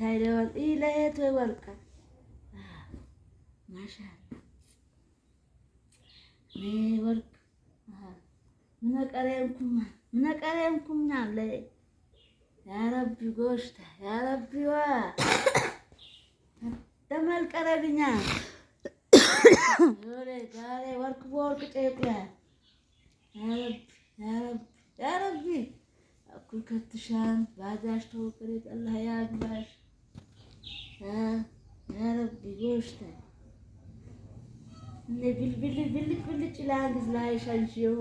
ታይደዋል ኢለየት ወልቃ ማሻአላ ወርቅ ነቀሪያንኩማ ነቀሪያንኩምና ለ ያረቢ ጎሽታ ያረቢዋ ተመልቀረብኛ ዛሬ ወርቅ በወርቅ ጨቅያ ያረቢ አኩል ከትሻን ባዛሽ ተወቅሬ ጠላ ይወስዳል። ብልብል ብልጭ ብልጭ ለአንግዝ ለአይሻንሽ የሆ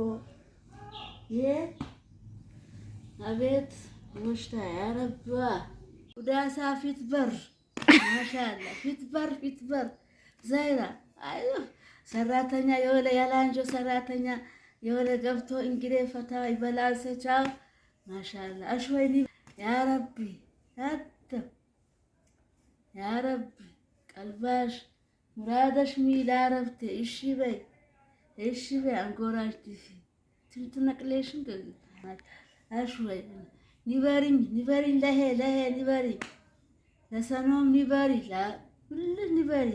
አቤት ወሽታ ያረባ ውዳሳ ፊት በር ማሻአላ ፊት በር ፊት በር ዘይራ አይዞ ሰራተኛ የወለ ያላንጆ ሰራተኛ የወለ ገብቶ እንግዴ ፈታ ይበላሰቻ ማሻአላ አሽወይኒ ያረቢ ያደ ያረቢ ቀልባሽ ሙራዳሽ ሚላ ረብቴ እሺ በይ እሺ በይ አንጎራሽ ዲፊ ትምትነቅሌሽን አሽ ወይ ኒበሪኝ ኒበሪኝ ለሄ ለሄ ኒበሪ ለሰኖም ኒበሪ ሁሉ ኒበሪ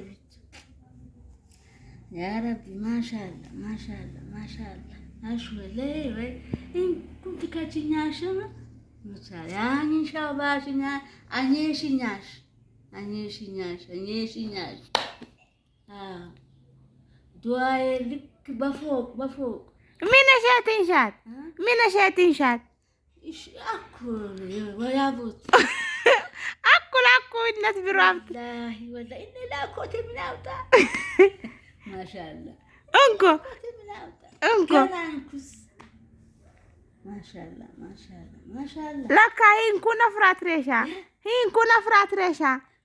ያ ረቢ ማሻአላ ማሻአላ ማሻአላ አሽ ወይ ለሄ ወይ እንኩን ትካችኛሽ ነው ምሳሌ አንሻ ባሽኛ አኔሽኛሽ አኘሽኛሽ አኘሽኛሽ። ዱዓዬ ልክ በፎቅ በፎቅ ምን እሸት እንሻት ምን እሸት እንሻት ወላቦት አኩል አኩነት ብራብት ላኮቴ ፍራትሬሻ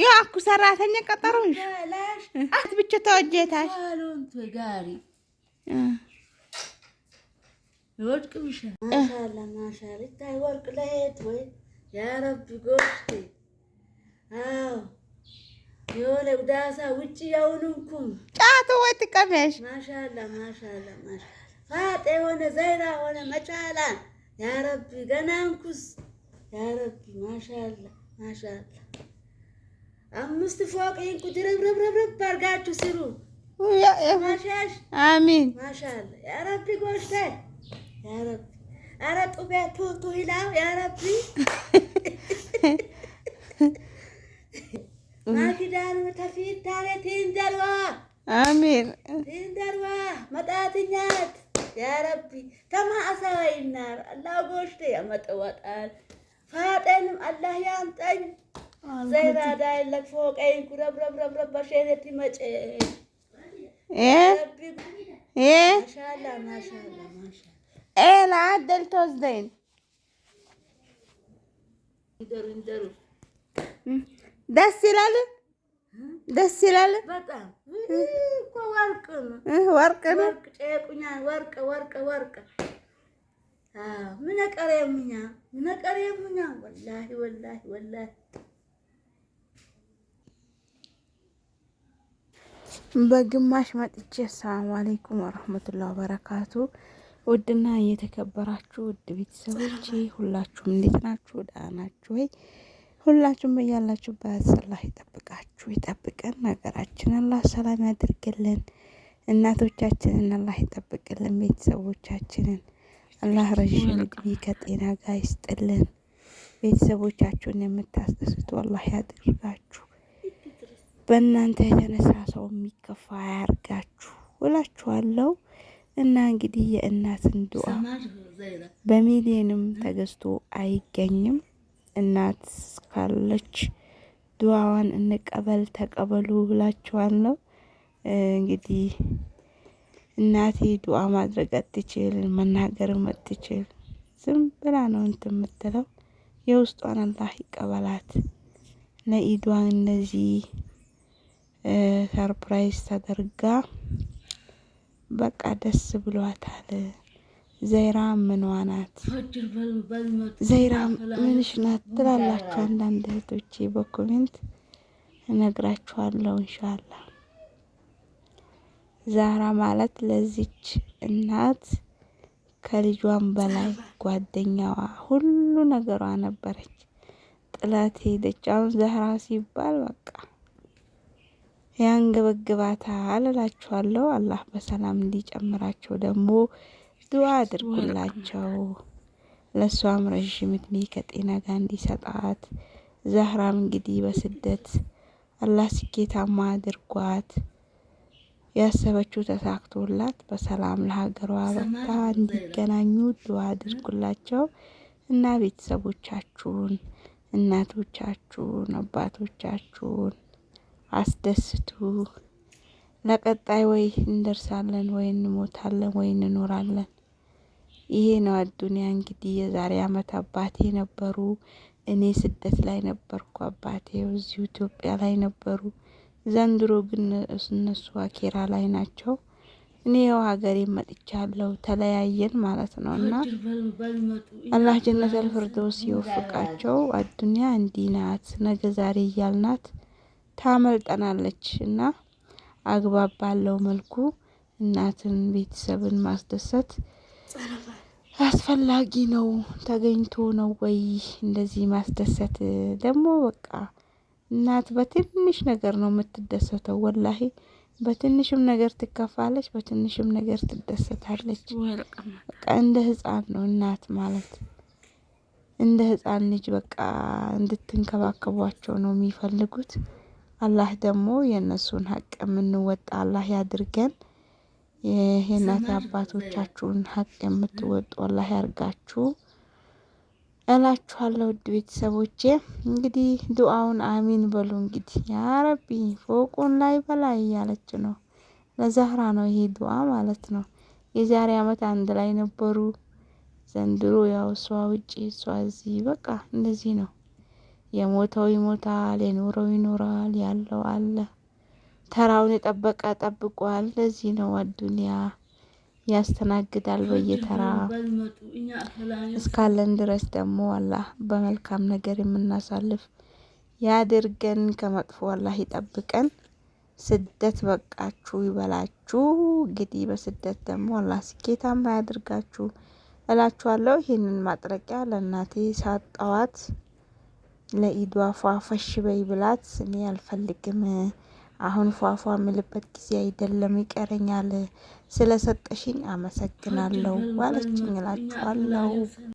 ይኸው አኩ ሰራተኛ ቀጠሩሽ አት ብቻ ተወጀታሽ ጋሪ ወርቅ ብሻ ማሻላ ማሻላ ይታይ ወርቅ ለየት ወይ አዎ የሆነ ጉዳሳ ውጭ ያውንኩም ጫቱ ወይ ትቀመሽ ማሻላ ማሻላ ማሻላ ፋጤ ዘይራ ሆነ መጫላ ያ ገናንኩስ ያ ማሻላ ማሻላ አምስት ፎቅ ይሄን ቁድረብ ረብ ረብ ረብ አድርጋችሁ ስሩ። ማሻሽ አሚን ማሻል ያ ረቢ ጎሽታል ያ ረቢ ኧረ ጡቢያ ቶቶ ይላው ያ ረቢ ማኪዳን ተፊት ታለ ቲንደርዋ አሚን ቲንደርዋ መጣትኛት ያ ረቢ ተማእሰባይናር አላህ ጎሽቴ ያመጠወጣል ፋጤንም አላህ ያምጠኝ ደስ ይላል። ደስ ይላል። በጣም ወርቅ ነው ወርቅ ወርቅ ምን ቀረ የምኛ ምን ቀረ የምኛ ወላሂ ወላሂ ወላሂ በግማሽ መጥቼ ሰላም አለይኩም ወረህመቱላሂ ወበረካቱ። ውድና የተከበራችሁ ውድ ቤተሰቦች ሁላችሁም እንዴት ናችሁ? ደህና ናችሁ ወይ? ሁላችሁም በያላችሁበት አላህ ይጠብቃችሁ ይጠብቀን። ሀገራችን አላህ ሰላም ያድርግልን። እናቶቻችንን አላህ ይጠብቅልን። ቤተሰቦቻችንን አላህ ረዥም እድሜ ከጤና ጋር ይስጥልን። ቤተሰቦቻችሁን የምታስደስቱ አላህ ያድርጋችሁ። በእናንተ የተነሳ ሰው የሚከፋ አያርጋችሁ እላችኋለሁ። እና እንግዲህ የእናትን ዱዓ በሚሊዮንም ተገዝቶ አይገኝም። እናት ካለች ዱዓዋን እንቀበል ተቀበሉ ብላችኋለሁ። እንግዲህ እናቴ ዱዓ ማድረግ አትችል፣ መናገርም አትችል፣ ዝም ብላ ነው እንትን የምትለው። የውስጧን አላህ ይቀበላት። ለኢዷን እነዚህ ሰርፕራይዝ ተደርጋ በቃ ደስ ብሏታል። ዘይራ ምንዋ ናት? ዘይራ ምንሽ ናት ትላላችሁ አንዳንድ እህቶቼ በኮሜንት እነግራችኋለሁ። እንሻላ ዛራ ማለት ለዚች እናት ከልጇን በላይ ጓደኛዋ ሁሉ ነገሯ ነበረች። ጥላት ሄደች። አሁን ዛህራ ሲባል በቃ ያንገበግባታል እላችኋለሁ። አላህ በሰላም እንዲጨምራቸው ደግሞ ዱዓ አድርጉላቸው። ለእሷም ረዥም እድሜ ከጤና ጋር እንዲሰጣት። ዛህራም እንግዲህ በስደት አላህ ስኬታማ አድርጓት ያሰበችው ተሳክቶላት በሰላም ለሀገሯ በታ እንዲገናኙ ዱዓ አድርጉላቸው እና ቤተሰቦቻችሁን እናቶቻችሁን አባቶቻችሁን አስደስቱ። ለቀጣይ ወይ እንደርሳለን ወይ እንሞታለን ወይ እንኖራለን። ይሄ ነው አዱኒያ። እንግዲህ የዛሬ አመት አባቴ ነበሩ። እኔ ስደት ላይ ነበርኩ። አባቴ እዚሁ ኢትዮጵያ ላይ ነበሩ። ዘንድሮ ግን እነሱ አኬራ ላይ ናቸው። እኔ ያው ሀገሬ መጥቻለሁ። ተለያየን ማለት ነው እና አላህ ጀነት አልፍርዶስ ይወፍቃቸው። አዱኒያ እንዲህ ናት። ነገ ዛሬ እያልናት ታመልጠናለች እና አግባብ ባለው መልኩ እናትን ቤተሰብን ማስደሰት አስፈላጊ ነው። ተገኝቶ ነው ወይ እንደዚህ ማስደሰት? ደግሞ በቃ እናት በትንሽ ነገር ነው የምትደሰተው። ወላሂ በትንሽም ነገር ትከፋለች፣ በትንሽም ነገር ትደሰታለች። በቃ እንደ ሕፃን ነው እናት ማለት እንደ ሕፃን ልጅ በቃ እንድትንከባከቧቸው ነው የሚፈልጉት። አላህ ደግሞ የእነሱን ሀቅ የምንወጣ አላህ ያድርገን። የእናት አባቶቻችሁን ሀቅ የምትወጡ አላህ ያርጋችሁ እላችኋለሁ። ውድ ቤተሰቦቼ እንግዲህ ዱአውን አሚን በሉ። እንግዲህ ያረቢ ፎቁን ላይ በላይ እያለች ነው ለዛህራ ነው ይሄ ዱአ ማለት ነው። የዛሬ አመት አንድ ላይ ነበሩ። ዘንድሮ ያው እሷ ውጪ እሷ እዚህ በቃ እንደዚህ ነው። የሞተው ይሞታል፣ የኖረው ይኖራል፣ ያለው አለ። ተራውን የጠበቀ ጠብቋል። ለዚህ ነው አዱንያ ያስተናግዳል በየተራ እስካለን ድረስ ደግሞ አላህ በመልካም ነገር የምናሳልፍ ያድርገን፣ ከመጥፎ አላህ ይጠብቀን። ስደት በቃችሁ ይበላችሁ። እንግዲህ በስደት ደግሞ አላህ ስኬታማ ያድርጋችሁ እላችኋለሁ። ይህንን ማጥረቂያ ለእናቴ ሳጠዋት ለኢዷ ፏፈሽ በይ ብላት እኔ አልፈልግም አሁን ፏፏ ምልበት ጊዜ አይደለም ይቀረኛል፣ ስለሰጠሽኝ አመሰግናለሁ አለችኝ እላችኋለሁ።